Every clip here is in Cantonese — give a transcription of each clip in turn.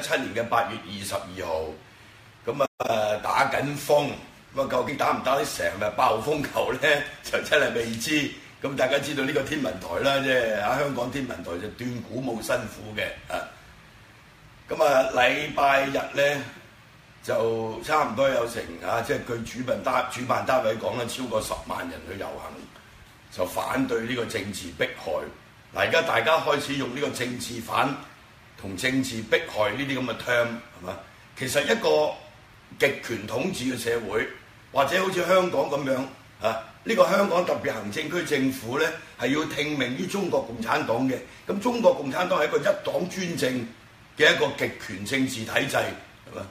七年嘅八月二十二號，咁啊打緊風，咁啊究竟打唔打啲成日暴風球咧，就真係未知。咁大家知道呢個天文台啦，即係喺香港天文台就斷估冇辛苦嘅啊。咁啊禮拜日咧就差唔多有成啊，即係據主辦單主辦單位講咧，超過十萬人去遊行，就反對呢個政治迫害。嗱，啊，而家大家開始用呢個政治反。同政治迫害呢啲咁嘅 term 係嘛？其實一個極權統治嘅社會，或者好似香港咁樣啊，呢個香港特別行政區政府呢，係要聽命於中國共產黨嘅。咁中國共產黨係一個一黨專政嘅一個極權政治體制，係嘛？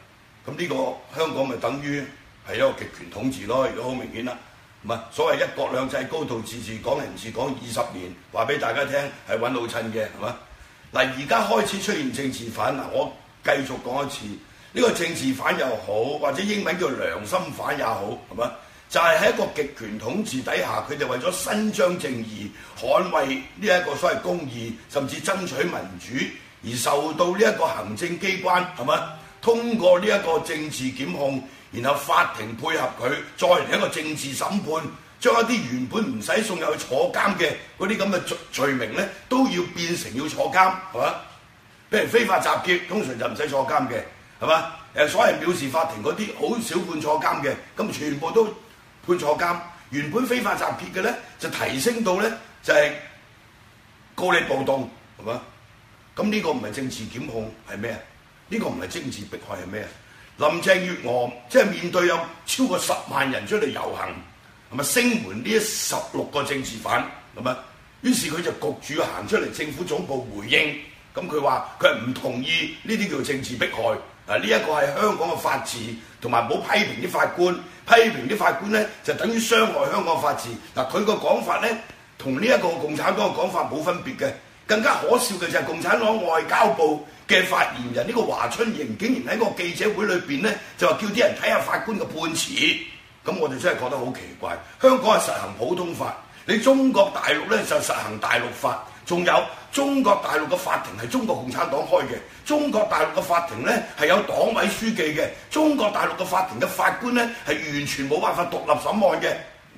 咁呢個香港咪等於係一個極權統治咯？亦都好明顯啦，唔係所謂一國兩制高度自治港人治港二十年，話俾大家聽係揾老襯嘅，係嘛？嗱，而家開始出現政治犯，嗱，我繼續講一次，呢、這個政治犯又好，或者英文叫良心犯也好，係咪？就係、是、喺一個極權統治底下，佢哋為咗伸張正義、捍衛呢一個所謂公義，甚至爭取民主，而受到呢一個行政機關，係咪？通過呢一個政治檢控，然後法庭配合佢，再嚟一個政治審判。將一啲原本唔使送入去坐監嘅嗰啲咁嘅罪名咧，都要變成要坐監，係嘛？譬如非法集結，通常就唔使坐監嘅，係嘛？誒，所謂藐視法庭嗰啲好少判坐監嘅，咁全部都判坐監。原本非法集結嘅咧，就提升到咧就係、是、暴力暴動，係嘛？咁呢個唔係政治檢控係咩啊？呢、這個唔係政治迫害係咩啊？林鄭月娥即係、就是、面對有超過十萬人出嚟遊行。咁啊，聲援呢一十六個政治犯，咁啊，於是佢就局住行出嚟，政府總部回應，咁佢話佢係唔同意呢啲叫政治迫害，嗱呢一個係香港嘅法治，同埋冇批評啲法官，批評啲法官呢，就等於傷害香港法治，嗱佢個講法呢，同呢一個共產黨嘅講法冇分別嘅，更加可笑嘅就係共產黨外交部嘅發言人呢個華春瑩，竟然喺個記者會裏邊呢，就話叫啲人睇下法官嘅判詞。咁我哋真係覺得好奇怪，香港係實行普通法，你中國大陸呢就實行大陸法，仲有中國大陸嘅法庭係中國共產黨開嘅，中國大陸嘅法庭呢係有黨委書記嘅，中國大陸嘅法庭嘅法官呢係完全冇辦法獨立審案嘅，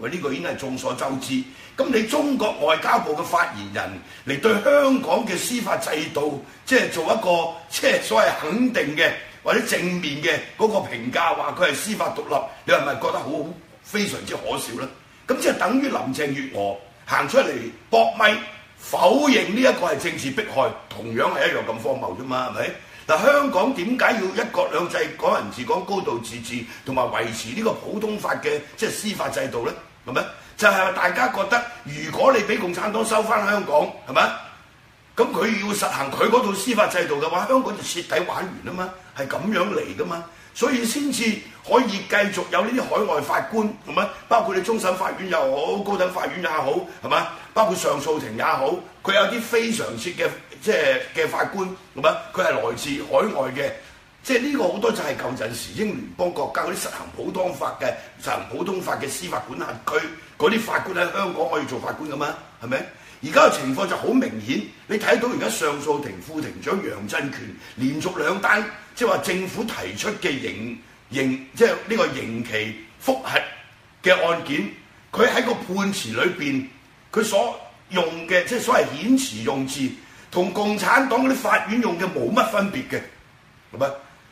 呢個已經係眾所周知。咁你中國外交部嘅發言人嚟對香港嘅司法制度，即係做一個即係所謂肯定嘅。或者正面嘅嗰個評價，話佢係司法獨立，你係咪覺得好非常之可笑呢？咁即係等於林鄭月娥行出嚟搏咪否認呢一個係政治迫害，同樣係一樣咁荒謬啫嘛？係咪？嗱，香港點解要一國兩制港人治港，講高度自治同埋維持呢個普通法嘅即係司法制度呢？係咪？就係話大家覺得，如果你俾共產黨收翻香港，係咪？咁佢要實行佢嗰套司法制度嘅話，香港就徹底玩完啊嘛！係咁樣嚟噶嘛，所以先至可以繼續有呢啲海外法官，係咪？包括你終審法院又好，高等法院也好，係嘛？包括上訴庭也好，佢有啲非常設嘅即係嘅法官，係咪？佢係來自海外嘅，即係呢個好多就係舊陣時英聯邦國家嗰啲實行普通法嘅、實行普通法嘅司法管轄區嗰啲法官喺香港可以做法官嘅嘛，係咪？而家嘅情況就好明顯，你睇到而家上訴庭副庭長楊振權連續兩單，即係話政府提出嘅刑刑即係呢個刑期覆核嘅案件，佢喺個判詞裏邊，佢所用嘅即係所謂遣詞用字，同共產黨嗰啲法院用嘅冇乜分別嘅，係咪？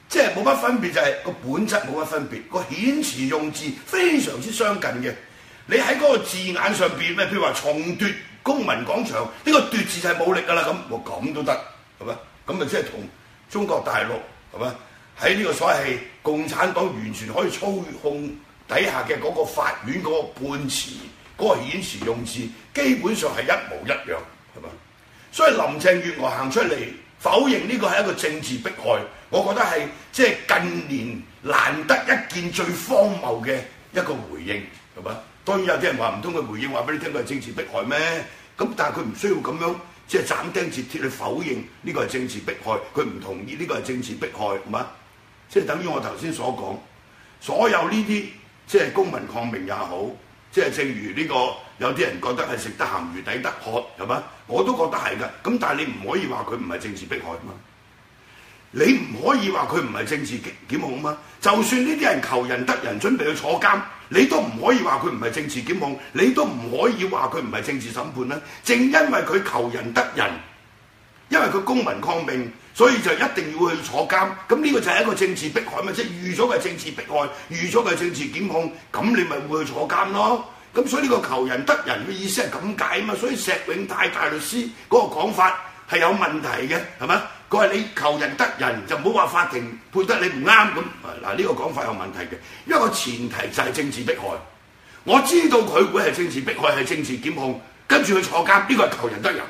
即係冇乜分別就係個本質冇乜分別，個遣詞用字非常之相近嘅。你喺嗰個字眼上邊咩？譬如話重奪。公民廣場呢個奪字係冇力㗎啦，咁我咁都得，係咪？咁咪即係同中國大陸係咪？喺呢個所謂係，共產黨完全可以操控底下嘅嗰個法院嗰個判詞嗰個顯示用字，基本上係一模一樣，係咪？所以林鄭月娥行出嚟否認呢個係一個政治迫害，我覺得係即係近年難得一見最荒謬嘅一個回應，係咪？當然有啲人話唔通佢回應話俾你聽，佢係政治迫害咩？咁但係佢唔需要咁樣，即係斬釘截鐵去否認呢個係政治迫害，佢唔同意呢個係政治迫害，係咪？即係等於我頭先所講，所有呢啲即係公民抗命也好，即係正如呢個有啲人覺得係食得鹹魚抵得渴，係咪？我都覺得係㗎。咁但係你唔可以話佢唔係政治迫害嘛。你唔可以話佢唔係政治檢控吖嘛？就算呢啲人求仁得仁，準備去坐監，你都唔可以話佢唔係政治檢控，你都唔可以話佢唔係政治審判啦。正因為佢求仁得仁，因為佢公民抗命，所以就一定要去坐監。咁呢個就係一個政治迫害嘛，即係預咗係政治迫害，預咗係政治檢控，咁你咪會去坐監咯。咁所以呢個求仁得仁嘅意思係咁解嘛。所以石永泰大律師嗰個講法係有問題嘅，係咪？佢話你求人得人就唔好話法庭判得你唔啱咁，嗱，呢個講法有問題嘅，因為前提就係政治迫害。我知道佢會係政治迫害，係政治檢控，跟住佢坐監，呢個係求人得人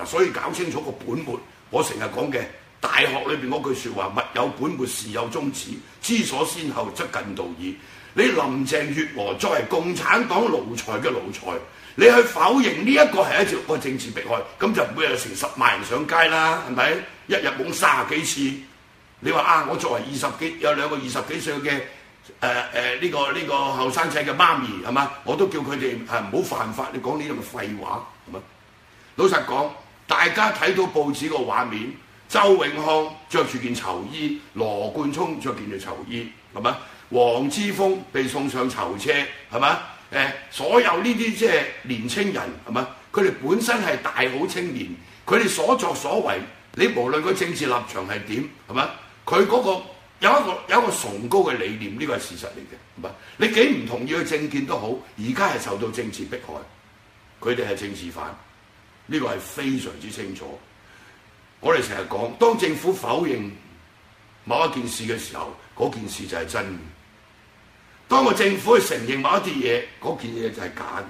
嗱。所以搞清楚個本末，我成日講嘅大學裏邊嗰句説話：物有本末，事有終始，知所先後則近道矣。你林鄭月娥作為共產黨奴才嘅奴才，你去否認呢一個係一招個政治迫害，咁就唔會有成十萬人上街啦，係咪？一日蒙卅幾次，你話啊？我作為二十幾有兩個二十幾歲嘅誒誒呢個呢個後生仔嘅媽咪係嘛？我都叫佢哋誒唔好犯法。你講呢啲嘅廢話係嘛？老實講，大家睇到報紙個畫面，周永康着住件囚衣，羅冠聰着件條囚衣係嘛？黃之鋒被送上囚車係嘛？誒、呃，所有呢啲即係年青人係嘛？佢哋本身係大好青年，佢哋所作所為。你無論佢政治立場係點，係嘛？佢嗰個有一個有一個崇高嘅理念，呢個係事實嚟嘅。唔係你幾唔同意佢政見都好，而家係受到政治迫害，佢哋係政治犯，呢個係非常之清楚。我哋成日講，當政府否認某一件事嘅時候，嗰件事就係真嘅；當個政府去承認某一啲嘢，嗰件嘢就係假嘅。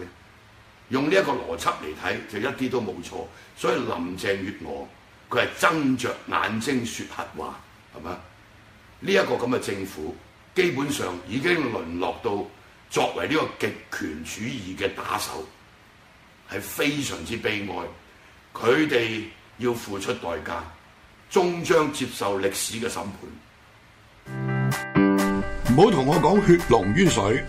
用呢一個邏輯嚟睇，就一啲都冇錯。所以林鄭月娥。佢係睜着眼睛説瞎話，係咪啊？呢一個咁嘅政府，基本上已經淪落到作為呢個極權主義嘅打手，係非常之悲哀。佢哋要付出代價，終將接受歷史嘅審判。唔好同我講血濃於水，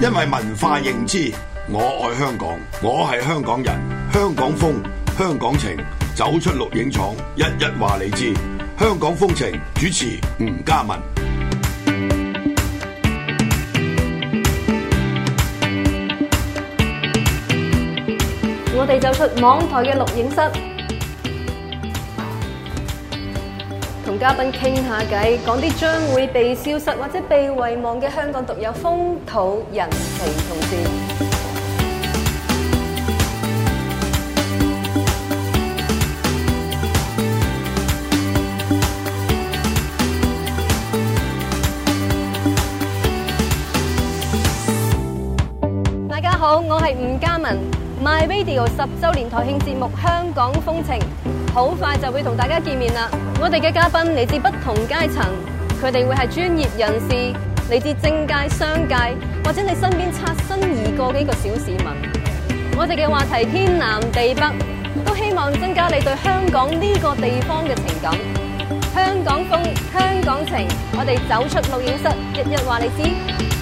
因為文化認知，我愛香港，我係香港人，香港風，香港情。走出錄影廠，一一話你知。香港風情主持吳家文，我哋走出網台嘅錄影室，同嘉賓傾下偈，講啲將會被消失或者被遺忘嘅香港獨有風土人情嘅故事。好，我係吳嘉文，My Radio 十周年台慶節目《香港風情》，好快就會同大家見面啦。我哋嘅嘉賓嚟自不同階層，佢哋會係專業人士，嚟自政界、商界，或者你身邊擦身而過嘅一個小市民。我哋嘅話題天南地北，都希望增加你對香港呢個地方嘅情感。香港風，香港情，我哋走出錄影室，日日話你知。